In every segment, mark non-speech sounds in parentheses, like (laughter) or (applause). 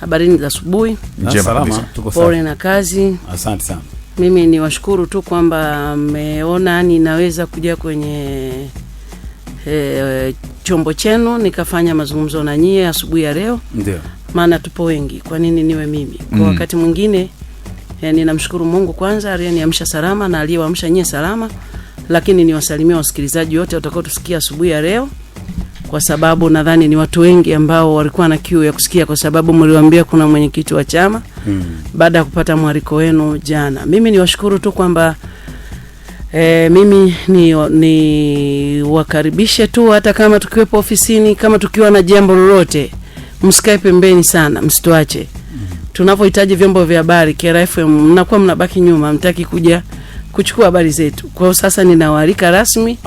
Habarini za asubuhi. pole na kazi. Asante sana. Mimi ni washukuru tu kwamba mmeona ninaweza kuja kwenye e, chombo chenu nikafanya mazungumzo na nyie asubuhi ya leo, maana tupo wengi. Kwa nini niwe mimi? Kwa mm. wakati mwingine e, ninamshukuru Mungu kwanza aliyeniamsha salama na aliyewamsha nyie salama, lakini niwasalimia wasikilizaji wote watakaotusikia asubuhi ya leo kwa sababu nadhani ni watu wengi ambao walikuwa na kiu ya kusikia, kwa sababu mliwaambia kuna mwenyekiti wa chama hmm. Baada ya kupata mwaliko wenu jana, mimi niwashukuru tu kwamba E, mimi ni, ni wakaribishe tu hata kama tukiwepo ofisini, kama tukiwa na jambo lolote, msikae pembeni sana, msituache hmm. tunavyohitaji vyombo vya habari. Kera mnakuwa mnabaki nyuma, mtaki kuja kuchukua habari zetu. Kwa sasa ninawaalika rasmi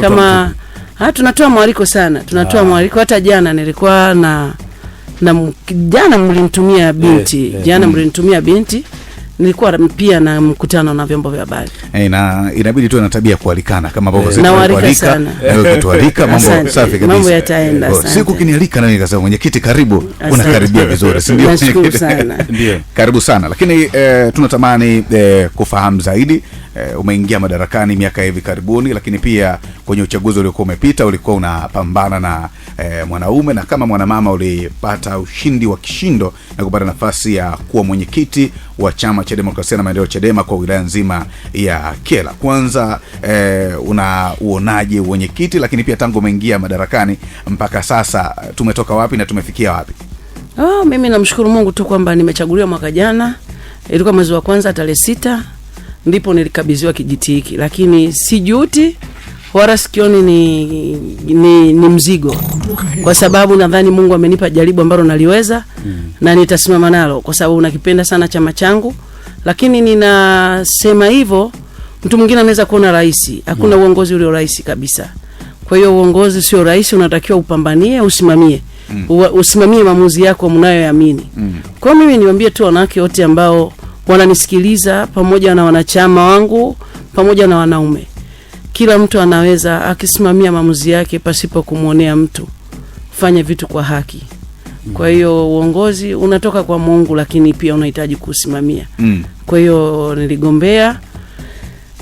kama Ha, ah, tunatoa mwaliko sana, tunatoa ah. mwaliko. Hata jana nilikuwa na, na jana mlinitumia eh, binti yeah, yeah, jana mlinitumia mm. binti nilikuwa pia na mkutano na vyombo vya habari hey, eh, na inabidi tu na tabia kualikana kama ambavyo eh, sisi tunaalika na wewe kutualika, mambo safi kabisa, mambo yataenda sana. Oh, siku kinialika na mimi nikasema mwenyekiti, karibu, unakaribia vizuri, si ndio? Nashukuru sana, (laughs) ndio, karibu sana lakini eh, tunatamani eh, kufahamu zaidi eh, umeingia madarakani miaka hivi karibuni, lakini pia kwenye uchaguzi uliokuwa umepita ulikuwa unapambana na eh, mwanaume na kama mwanamama ulipata ushindi wa kishindo na kupata nafasi ya kuwa mwenyekiti wa chama cha demokrasia na maendeleo Chadema kwa wilaya nzima ya kela Kwanza eh, una uonaje wenyekiti, lakini pia tangu umeingia madarakani mpaka sasa tumetoka wapi na tumefikia wapi? Oh, mimi namshukuru Mungu tu kwamba nimechaguliwa mwaka jana, ilikuwa mwezi wa kwanza tarehe sita ndipo nilikabidhiwa kijiti hiki, lakini sijuti wala sikioni ni, ni, ni mzigo, kwa sababu nadhani Mungu amenipa jaribu ambalo naliweza mm. na nitasimama nalo, kwa sababu nakipenda sana chama changu. Lakini ninasema hivyo, mtu mwingine anaweza kuona rahisi. Hakuna mm. uongozi ulio rahisi kabisa. Kwa hiyo uongozi sio rahisi, unatakiwa upambanie, usimamie mm. usimamie maamuzi yako mnayoyamini mm. kwa mimi niwaambie tu wanawake wote ambao wananisikiliza pamoja na wanachama wangu pamoja na wanaume. Kila mtu anaweza akisimamia maamuzi yake pasipo kumwonea mtu. Fanya vitu kwa haki. Kwa hiyo uongozi unatoka kwa Mungu, lakini pia unahitaji kusimamia. Mm. Kwa hiyo niligombea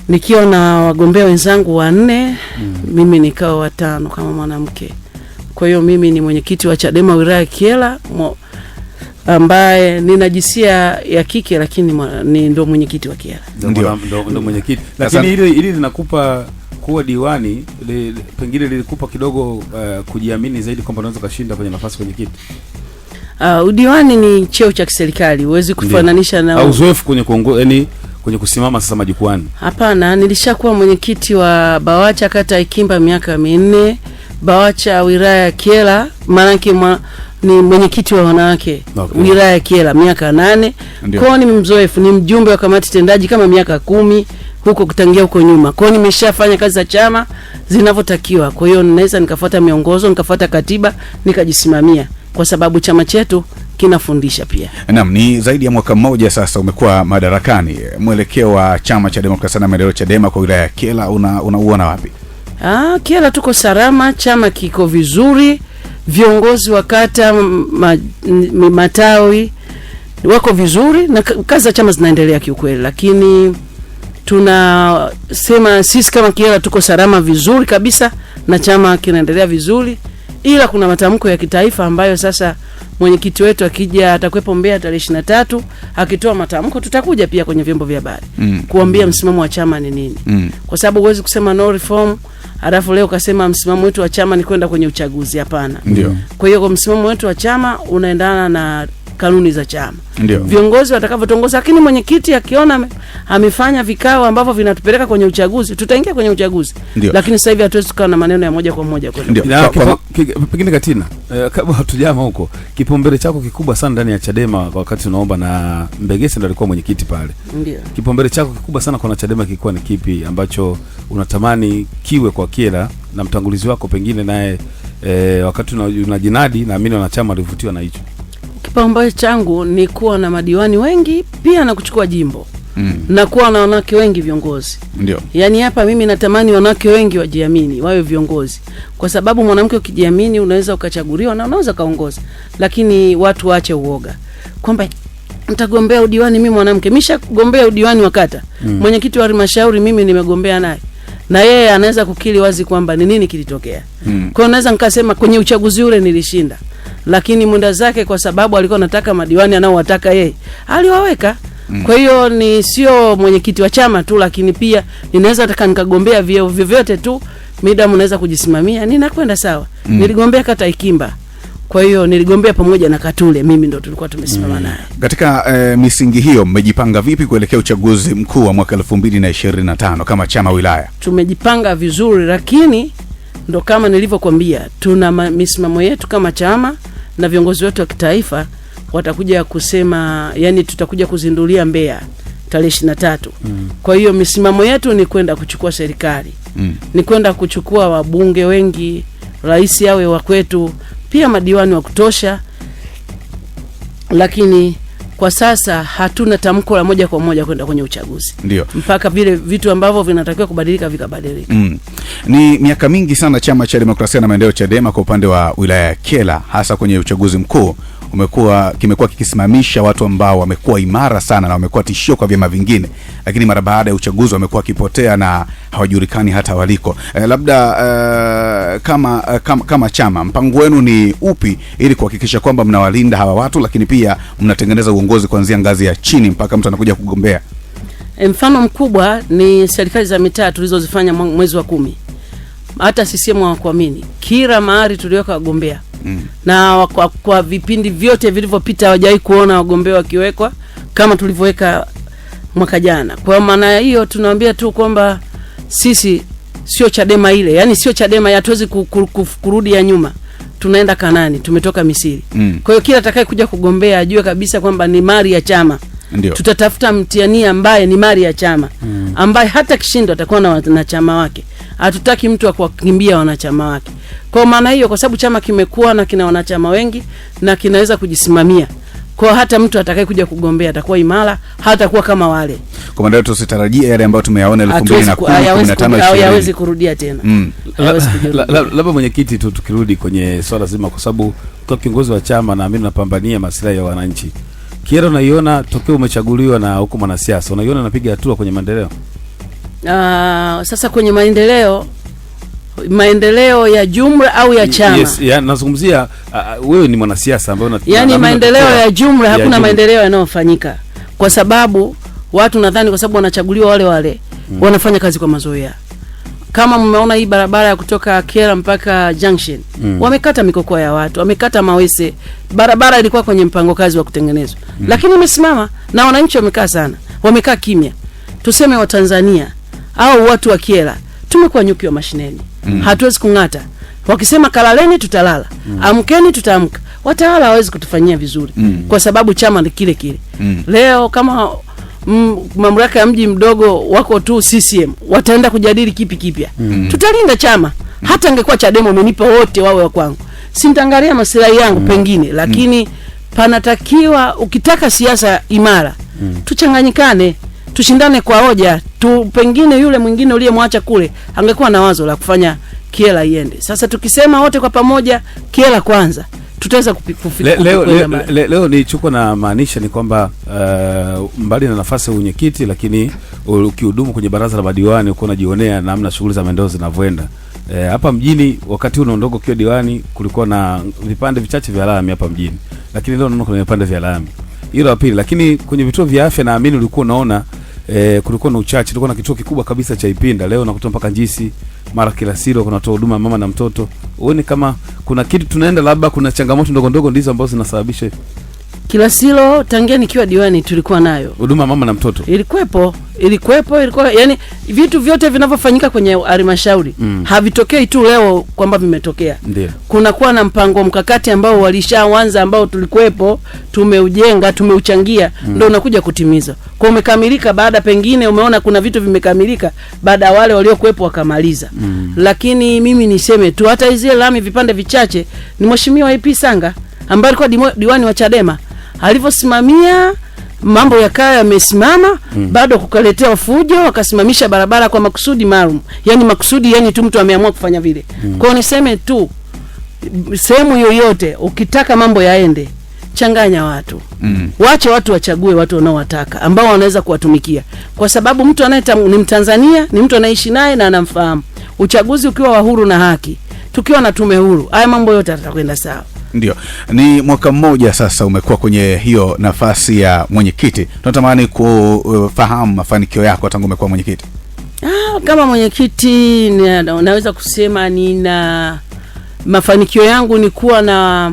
nikiwa na wagombea wenzangu wanne, mm. mimi nikawa watano kama mwanamke. Kwa hiyo mimi ni mwenyekiti wa Chadema wilaya kiela ambaye ni jinsia ya kike lakini ni ndo mwenyekiti wa Kiara, ndo ndo mwenyekiti. Lakini hili hili linakupa kuwa diwani li, pengine lilikupa kidogo uh, kujiamini zaidi kwamba unaweza kashinda kwenye nafasi kwenye kiti. Uh, udiwani ni cheo cha kiserikali, huwezi kufananisha na au uzoefu kwenye kuongo, yani kwenye kusimama sasa majukwani. Hapana, nilishakuwa mwenyekiti wa BAWACHA kata Ikimba miaka minne, BAWACHA wilaya ya Kyela, maanake ni mwenyekiti wa wanawake okay. wilaya ya Kyela miaka nane kwao, ni mzoefu, ni mjumbe wa kamati tendaji kama miaka kumi huko kutangia huko nyuma kwao, nimeshafanya kazi za chama zinavyotakiwa. Kwa hiyo naweza nikafuata miongozo, nikafuata katiba, nikajisimamia kwa sababu chama chetu kinafundisha pia. Naam, ni zaidi ya mwaka mmoja sasa umekuwa madarakani. Mwelekeo wa chama cha demokrasia na maendeleo CHADEMA kwa wilaya ya Kyela unauona una wapi? Ah, Kyela tuko salama, chama kiko vizuri viongozi wa kata matawi wako vizuri na kazi za chama zinaendelea kiukweli, lakini tunasema sisi kama kiela tuko salama vizuri kabisa na chama kinaendelea vizuri, ila kuna matamko ya kitaifa ambayo sasa mwenyekiti wetu akija atakwepo Mbeya tarehe ishirini na tatu akitoa matamko, tutakuja pia kwenye vyombo vya habari mm. kuambia msimamo wa chama ni nini mm. kwa sababu huwezi kusema no reform alafu leo kasema msimamo wetu wa chama ni kwenda kwenye uchaguzi. Hapana. Kwa hiyo kwa msimamo wetu wa chama unaendana na kanuni za chama, Ndiyo. viongozi watakavyotongoza. Lakini mwenyekiti akiona amefanya vikao ambavyo vinatupeleka kwenye uchaguzi, tutaingia kwenye uchaguzi. Ndiyo. Lakini sasa hivi hatuwezi kukaa na maneno ya moja kwa moja. Pengine Katina, eh, kabla hatujama huko Kipaumbele chako kikubwa sana ndani ya Chadema wakati unaomba, na Mbegesi ndo alikuwa mwenyekiti pale, ndio kipaumbele chako kikubwa sana kwa Chadema kilikuwa ni kipi ambacho unatamani kiwe kwa Kyela na mtangulizi wako pengine naye e, wakati unajinadi, naamini wanachama walivutiwa na hicho. Kipaumbele changu ni kuwa na madiwani wengi pia na kuchukua jimbo mm. na kuwa na wanawake wengi viongozi. Ndio. Yaani hapa mimi natamani wanawake wengi wajiamini, wawe viongozi, kwa sababu mwanamke ukijiamini unaweza ukachaguliwa na unaweza kaongoza, lakini watu waache uoga kwamba ntagombea udiwani mimi mwanamke. Mishagombea udiwani wakata mm. mwenyekiti wa halmashauri mimi nimegombea naye na yeye anaweza kukili wazi kwamba ni nini kilitokea. Mm. Kwa hiyo naweza nikasema kwenye uchaguzi ule nilishinda, lakini munda zake, kwa sababu alikuwa anataka madiwani anaowataka yeye aliwaweka. Kwa hiyo ni sio mwenyekiti wa chama tu, lakini pia ninaweza hata nikagombea vyeo vyovyote tu, midamu naweza kujisimamia, ninakwenda sawa. Mm. Niligombea kata Ikimba kwa hiyo niligombea pamoja na Katule, mimi ndo tulikuwa tumesimama mm. naye Katika e, misingi hiyo, mmejipanga vipi kuelekea uchaguzi mkuu wa mwaka elfu mbili na ishirini na tano kama chama wilaya? Tumejipanga vizuri, lakini ndo kama nilivyokwambia, tuna misimamo yetu kama chama na viongozi wetu wa kitaifa watakuja kusema, yani tutakuja kuzindulia mbea tarehe ishirini na tatu. Mm. Kwa hiyo misimamo yetu ni kwenda kuchukua serikali mm. ni kwenda kuchukua wabunge wengi, rahisi awe wa kwetu, pia madiwani wa kutosha, lakini kwa sasa hatuna tamko la moja kwa moja kwenda kwenye uchaguzi. Ndio. Mpaka vile vitu ambavyo vinatakiwa kubadilika vikabadilika. Mm. Ni miaka mingi sana chama cha demokrasia na maendeleo Chadema kwa upande wa wilaya ya kela hasa kwenye uchaguzi mkuu umekuwa kimekuwa kikisimamisha watu ambao wamekuwa imara sana na wamekuwa tishio kwa vyama vingine, lakini mara baada ya uchaguzi wamekuwa wakipotea na hawajulikani hata waliko. E, labda e, kama, eh, kama kama chama mpango wenu ni upi ili kuhakikisha kwamba mnawalinda hawa watu, lakini pia mnatengeneza uongozi kuanzia ngazi ya chini mpaka mtu anakuja kugombea? Mfano mkubwa ni serikali za mitaa tulizozifanya mwezi wa kumi. Hata CCM hawakuamini, kila mahali tuliweka wagombea na kwa, kwa vipindi vyote vilivyopita hawajawahi kuona wagombea wakiwekwa kama tulivyoweka mwaka jana. Kwa maana hiyo tunawaambia tu kwamba sisi sio Chadema ile, yani sio Chadema, hatuwezi kurudi ya nyuma, tunaenda Kanani, tumetoka Misiri mm. kwa hiyo kila atakaye kuja kugombea ajue kabisa kwamba ni mali ya chama. Ndiyo. Tutatafuta mtiania ambaye ni mali ya chama mm. ambaye hata kishindo atakuwa na wanachama wake. Hatutaki mtu akuwakimbia wanachama wake. Kwa maana hiyo, kwa sababu chama kimekuwa na kina wanachama wengi na kinaweza kujisimamia kwa hata mtu atakaye kuja kugombea atakuwa imara, hatakuwa kama wale. Kwa maana tusitarajie yale ambayo tumeyaona 2015 yawezi kurudia tena. Mm. Labda la, la, la, mwenyekiti tu tukirudi kwenye swala so zima, kwa sababu kwa kiongozi wa chama naamini napambania maslahi ya wananchi Kiera, unaiona tokeo umechaguliwa na huko mwanasiasa, unaiona napiga hatua kwenye maendeleo? Uh, sasa kwenye maendeleo maendeleo ya jumla au ya chama? Yes, ya, nazungumzia uh, wewe ni mwanasiasa ambaye una yaani maendeleo ya jumla, hakuna ya jumla. Maendeleo yanayofanyika kwa mm. sababu watu nadhani kwa sababu wanachaguliwa wale wale mm. wanafanya kazi kwa mazoea kama mmeona hii barabara ya kutoka kera mpaka Junction mm. wamekata mikokoa ya watu, wamekata mawese. Barabara ilikuwa kwenye mpango kazi wa kutengenezwa mm. lakini imesimama na wananchi wamekaa sana, wamekaa kimya. Tuseme Watanzania au watu wa kera tumekuwa nyuki wa mashineni mm. hatuwezi kung'ata. Wakisema kalaleni, tutalala mm. amkeni, tutaamka. Watawala hawawezi kutufanyia vizuri mm. kwa sababu chama ni kile kile mm. leo kama Mm, mamlaka ya mji mdogo wako tu CCM, wataenda kujadili kipi kipya? mm. mm. Tutalinda chama mm. hata angekuwa Chadema umenipa wote wawe wa kwangu, sintangalia maslahi yangu mm. pengine, lakini mm. panatakiwa, ukitaka siasa imara mm. tuchanganyikane, tushindane kwa hoja tu, pengine yule mwingine uliyemwacha kule angekuwa na wazo la kufanya kiela iende. Sasa tukisema wote kwa pamoja, kiela kwanza mm tutaweza kufika leo. Leo, leo, leo nichukua na maanisha ni kwamba uh, mbali na nafasi ya unyekiti, lakini ukihudumu kwenye baraza la madiwani uko unajionea namna shughuli za maendeleo zinavyoenda eh, hapa e, mjini. Wakati unaondoka ukiwa diwani, kulikuwa na vipande vichache vya lami hapa mjini, lakini leo naona kuna vipande vya lami, hilo la pili. Lakini kwenye vituo vya afya naamini ulikuwa unaona eh, kulikuwa na uchache. Tulikuwa na kituo kikubwa kabisa cha Ipinda, leo nakuta mpaka Njisi, mara kila silo kunatoa huduma mama na mtoto. Uone kama kuna kitu tunaenda, labda kuna changamoto ndogo ndogo ndizo ambazo zinasababisha kila silo tangia nikiwa diwani tulikuwa nayo huduma mama na mtoto, ilikuwepo ilikuwepo ilikuwa, yani vitu vyote vinavyofanyika kwenye halmashauri mm. havitokei tu leo kwamba vimetokea. Ndio kunakuwa na mpango mkakati ambao walishaanza ambao tulikuwepo tumeujenga tumeuchangia mm. ndio unakuja kutimiza kwa umekamilika, baada pengine umeona kuna vitu vimekamilika baada wale waliokuwepo wakamaliza mm. Lakini mimi niseme tu hata hizi lami vipande vichache ni mheshimiwa ip Sanga ambaye alikuwa diwani wa Chadema alivyosimamia mambo yakawa yamesimama mm. Bado kukaletea fujo, wakasimamisha barabara kwa makusudi maalum, yani makusudi, yani tu mtu ameamua kufanya vile mm. Kwao niseme tu, sehemu yoyote ukitaka mambo yaende, changanya watu mm. Wache watu wachague watu wanaowataka ambao wanaweza kuwatumikia, kwa sababu mtu anaye ni Mtanzania ni mtu anaishi naye na anamfahamu. Uchaguzi ukiwa wa huru na haki, tukiwa na tume huru, haya mambo yote atakwenda sawa. Ndio, ni mwaka mmoja sasa umekuwa kwenye hiyo nafasi ya mwenyekiti. Tunatamani kufahamu mafanikio yako tangu umekuwa mwenyekiti. Ah, kama mwenyekiti naweza kusema nina mafanikio yangu ni kuwa na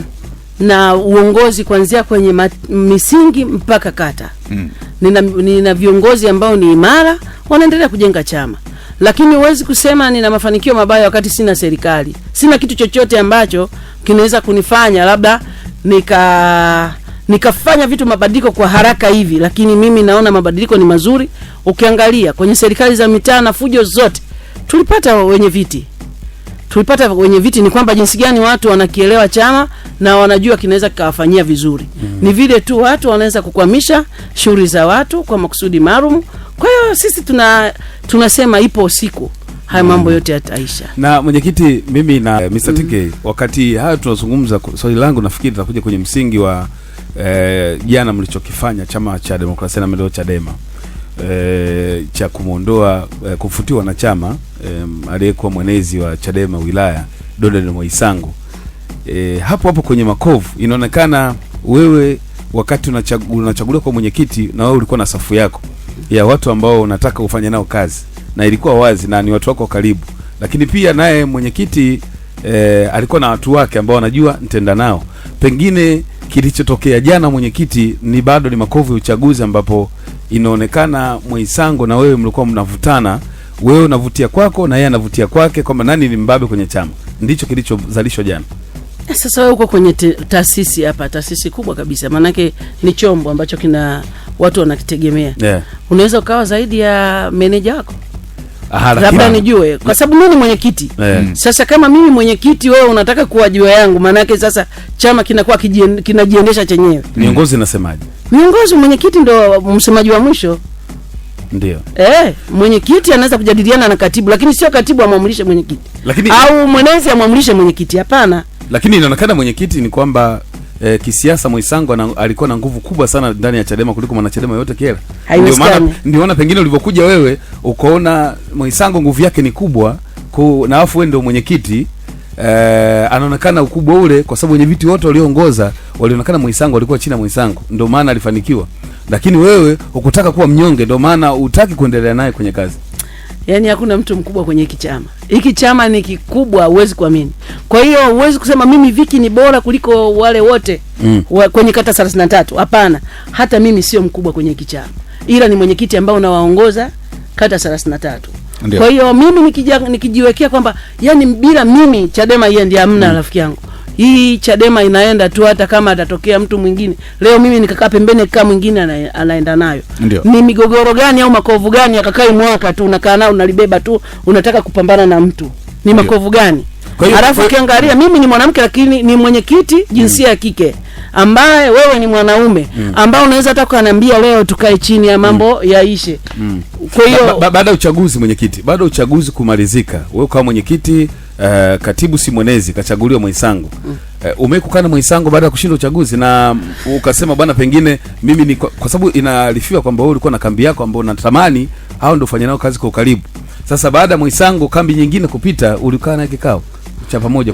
na uongozi kuanzia kwenye mat, misingi mpaka kata mm. Nina, nina viongozi ambao ni imara wanaendelea kujenga chama, lakini huwezi kusema nina mafanikio mabaya wakati sina serikali, sina kitu chochote ambacho kinaweza kunifanya labda nika nikafanya vitu mabadiliko kwa haraka hivi, lakini mimi naona mabadiliko ni mazuri. Ukiangalia kwenye serikali za mitaa na fujo zote, tulipata wenye viti, tulipata wenye viti. Ni kwamba jinsi gani watu wanakielewa chama na wanajua kinaweza kikawafanyia vizuri. Mm. Ni vile tu watu wanaweza kukwamisha shughuli za watu kwa makusudi maalum. Kwa hiyo sisi tuna tunasema ipo siku haya mambo yote yataisha. Na mwenyekiti, mimi na uh, Mr. TK mm. wakati haya tunazungumza, swali langu nafikiri litakuja kwenye msingi wa eh, jana eh, mlichokifanya chama cha demokrasia na maendeleo Chadema eh, cha kumwondoa eh, kumfutia wanachama eh, aliyekuwa mwenezi wa Chadema wilaya Donald Moisango eh, hapo hapo kwenye makovu inaonekana wewe wakati unachaguliwa kwa mwenyekiti na wewe ulikuwa na safu yako ya watu ambao unataka kufanya nao kazi na ilikuwa wazi na ni watu wako karibu, lakini pia naye mwenyekiti e, alikuwa na watu wake ambao wanajua nitenda nao. Pengine kilichotokea jana mwenyekiti, ni bado ni makovu ya uchaguzi, ambapo inaonekana Mwaisango na wewe mlikuwa mnavutana, wewe unavutia kwako na yeye anavutia kwake, kwamba nani ni mbabe kwenye chama. Ndicho kilichozalishwa jana. Sasa wewe uko kwenye taasisi hapa, taasisi kubwa kabisa, maanake ni chombo ambacho kina watu wanakitegemea, yeah. Unaweza ukawa zaidi ya meneja wako labda nijue, kwa sababu mimi ni mwenyekiti yeah. Sasa kama mimi mwenyekiti, wewe unataka kuwajua yangu, maanake sasa chama kinakuwa kinajiendesha chenyewe. Viongozi nasemaje? miongozi mwenyekiti ndo msemaji wa mwisho ndio eh, mwenyekiti anaweza kujadiliana na katibu, lakini sio katibu amwamlishe mwenyekiti lakini... au mwenezi amwamlishe mwenyekiti, hapana. Lakini inaonekana mwenyekiti ni kwamba e, kisiasa Mwisango na, alikuwa na nguvu kubwa sana ndani ya Chadema kuliko mwanachadema yote kile. Ndio maana ndio maana pengine ulivyokuja wewe ukaona Mwisango nguvu yake ni kubwa ku, na afu wewe ndio mwenyekiti e, anaonekana ukubwa ule kwa sababu wenye viti wote walioongoza walionekana Mwisango alikuwa chini ya Mwisango, ndio maana alifanikiwa. Lakini wewe ukutaka kuwa mnyonge, ndio maana utaki kuendelea naye kwenye kazi yani hakuna mtu mkubwa kwenye hiki chama. Hiki chama ni kikubwa, huwezi kuamini. Kwa hiyo huwezi kusema mimi Viki ni bora kuliko wale wote mm. wa, kwenye kata tatu Hapana, hata mimi sio mkubwa kwenye hiki chama, ila ni mwenyekiti ambao unawaongoza kata tatu. Ndiyo. Kwa hiyo mimi nikijiwekea kwamba yani bila mimi Chadema yeye ndiye amna mm. rafiki yangu hii Chadema inaenda tu, hata kama atatokea mtu mwingine leo, mimi nikakaa pembeni, kaa mwingine anaenda nayo. Ndiyo. Ni migogoro gani au makovu gani akakai mwaka tu unakaa nao unalibeba tu, unataka kupambana na mtu ni makovu gani? Alafu ukiangalia mimi ni mwanamke lakini ni mwenyekiti jinsia ya kike ambaye wewe ni mwanaume mm. ambao unaweza hata kuniambia leo tukae chini ya mambo mm. yaishe mm. kwa hiyo baada ya uchaguzi mwenyekiti, baada ya uchaguzi kumalizika, wewe kama mwenyekiti uh, katibu si mwenezi kachaguliwa Mwaisango mm. Uh, eh, umekukana Mwaisango baada ya kushinda uchaguzi na ukasema bwana, pengine mimi ni kwa, kwa sababu inaarifiwa kwamba wewe ulikuwa na kambi yako ambayo unatamani hao ndio ufanye nao kazi kwa ukaribu. Sasa baada ya Mwaisango kambi nyingine kupita, ulikaa na kikao cha pamoja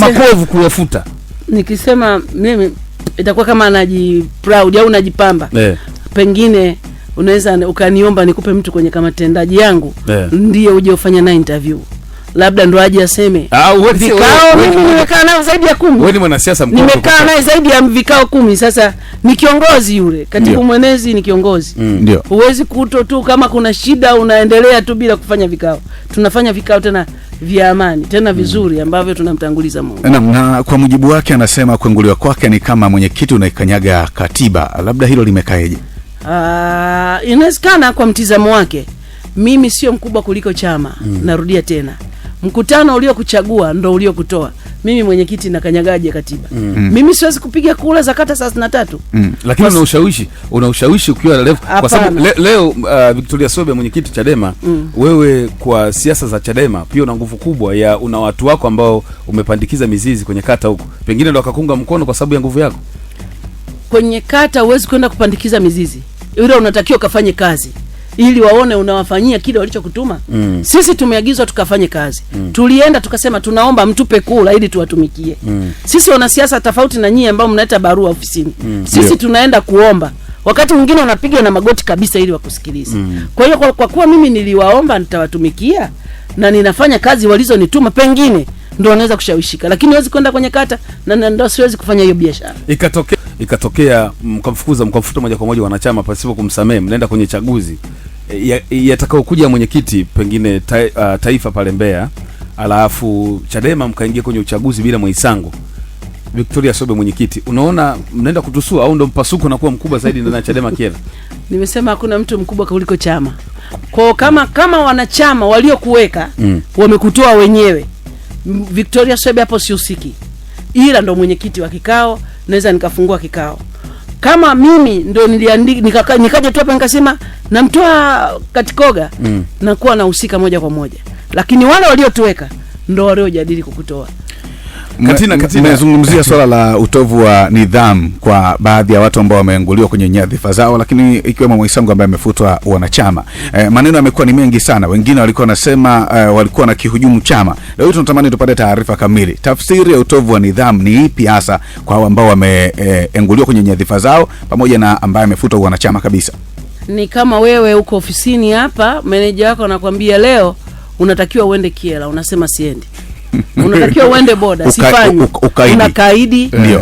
makovu kuyafuta. Nikisema mimi itakuwa kama anaji proud au najipamba yeah. Pengine unaweza ukaniomba nikupe mtu kwenye kama tendaji yangu yeah. Ndiye uje ufanya na interview labda ndo aje aseme ah, vikao. Mimi nimekaa naye zaidi ya kumi, wewe ni mwanasiasa mkubwa, nimekaa zaidi ya vikao kumi. Sasa ni kiongozi yule, katibu mwenezi ni kiongozi, mm, ndio. Huwezi kuto tu kama kuna shida unaendelea tu bila kufanya vikao. Tunafanya vikao tena vya amani tena mm. vizuri ambavyo tunamtanguliza Mungu. Na, na kwa mujibu wake anasema kuenguliwa kwake ni kama mwenyekiti unaikanyaga katiba, labda hilo limekaeje? Ah, inawezekana kwa mtizamo wake. Mimi sio mkubwa kuliko chama mm. Narudia tena mkutano uliokuchagua ndo uliokutoa. Mimi mwenyekiti na kanyagaje katiba mm. Mimi siwezi kupiga kula za kata thelathini na tatu mm. Lakini una ushawishi, una ushawishi ukiwa lef, kwa sababu le, leo uh, Victoria Sobe mwenyekiti Chadema mm. Wewe kwa siasa za Chadema pia una nguvu kubwa ya una watu wako ambao umepandikiza mizizi kwenye kata huko, pengine ndo wakakunga mkono kwa sababu ya nguvu yako kwenye kata. Huwezi kwenda kupandikiza mizizi, ule unatakiwa ukafanye kazi ili waone unawafanyia kile walichokutuma. Mm. Sisi tumeagizwa tukafanye kazi. Mm. Tulienda tukasema tunaomba mtupe kula ili tuwatumikie. Mm. Sisi wanasiasa tofauti na nyie ambao mnaleta barua ofisini. Mm. Sisi yeah, tunaenda kuomba. Wakati mwingine wanapiga na magoti kabisa ili wakusikilize. Mm. Kwa hiyo kwa, kwa kuwa mimi niliwaomba nitawatumikia na ninafanya kazi walizonituma pengine ndo wanaweza kushawishika, lakini wezi kwenda kwenye kata na ndo siwezi kufanya hiyo biashara ikatokea ikatokea mkamfukuza mkamfuta moja kwa moja wanachama pasipo kumsamehe, mnaenda kwenye chaguzi e, yatakaokuja mwenyekiti pengine ta, uh, taifa pale Mbeya, alafu Chadema mkaingia kwenye uchaguzi bila Mwaisango Victoria Sobe mwenyekiti, unaona mnaenda kutusua au ndo mpasuko nakuwa mkubwa zaidi ndani ya Chadema kiela? (laughs) Nimesema hakuna mtu mkubwa kuliko chama kwao, kama mm. kama wanachama waliokuweka mm. wamekutoa wenyewe. Victoria Sobe hapo sihusiki, ila ndo mwenyekiti wa kikao naweza nikafungua kikao kama mimi ndo nikaja tu hapa nikasema namtoa Katikoga mm. nakuwa nahusika moja kwa moja, lakini wale waliotuweka ndo waliojadili kukutoa. Katina, Katina, umezungumzia swala la utovu wa nidhamu kwa baadhi ya watu ambao wameanguliwa kwenye nyadhifa zao, lakini ikiwemo Mwaisango ambaye amefutwa wanachama. E, maneno yamekuwa ni mengi sana, wengine walikuwa wanasema e, walikuwa na kihujumu chama. Leo tunatamani tupate taarifa kamili. Tafsiri ya utovu wa nidhamu ni ipi hasa kwa hao ambao wameanguliwa e, kwenye nyadhifa zao pamoja na ambaye amefutwa wanachama kabisa? Ni kama wewe uko ofisini hapa, meneja wako anakuambia leo unatakiwa uende Kiela, unasema siendi (laughs) unatakiwa uende boda, sifanyi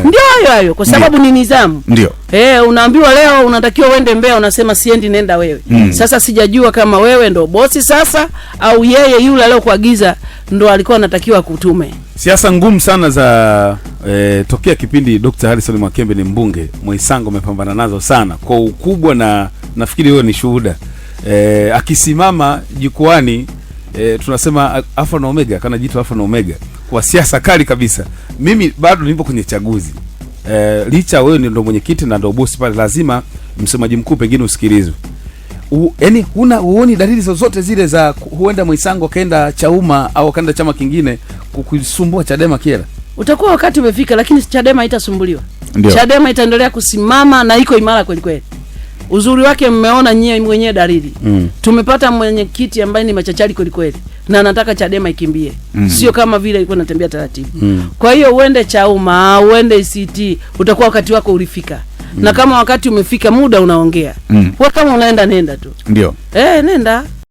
Ndio hayo hayo, kwa sababu ni nizamu Ndio eh, unaambiwa leo unatakiwa uende mbea unasema siendi, nenda wewe. Mm. Sasa sijajua kama wewe ndo bosi sasa au yeye yule aliyokuagiza ndo alikuwa anatakiwa kutume. Siasa ngumu sana za eh, tokea kipindi Dr. Harrison Mwakembe ni mbunge, Mwaisango amepambana nazo sana kwa ukubwa, na nafikiri wewe ni shuhuda eh, akisimama jukwani e, tunasema alfa na omega, kanajitu alfa na omega kwa siasa kali kabisa. Mimi bado nipo kwenye chaguzi e, eh, licha wewe ndo mwenyekiti na ndo bosi pale, lazima msemaji mkuu pengine usikilizwe. Yaani huna huoni dalili zozote zile za huenda Mwisango kaenda Chauma au kaenda chama kingine kukusumbua Chadema kiela? Utakuwa wakati umefika, lakini Chadema haitasumbuliwa. Chadema itaendelea kusimama na iko imara kweli kweli. Uzuri wake mmeona nyie mwenyewe dalili. Mm. Tumepata mwenyekiti ambaye ni machachari kweli kweli na anataka Chadema ikimbie. Mm. Sio kama vile ilikuwa inatembea taratibu. Mm. Kwa hiyo uende Chauma, uende e ct utakuwa wakati wako ulifika. Mm. Na kama wakati umefika muda unaongea. Mm. kama unaenda nenda tu. Ndio. Eh, nenda.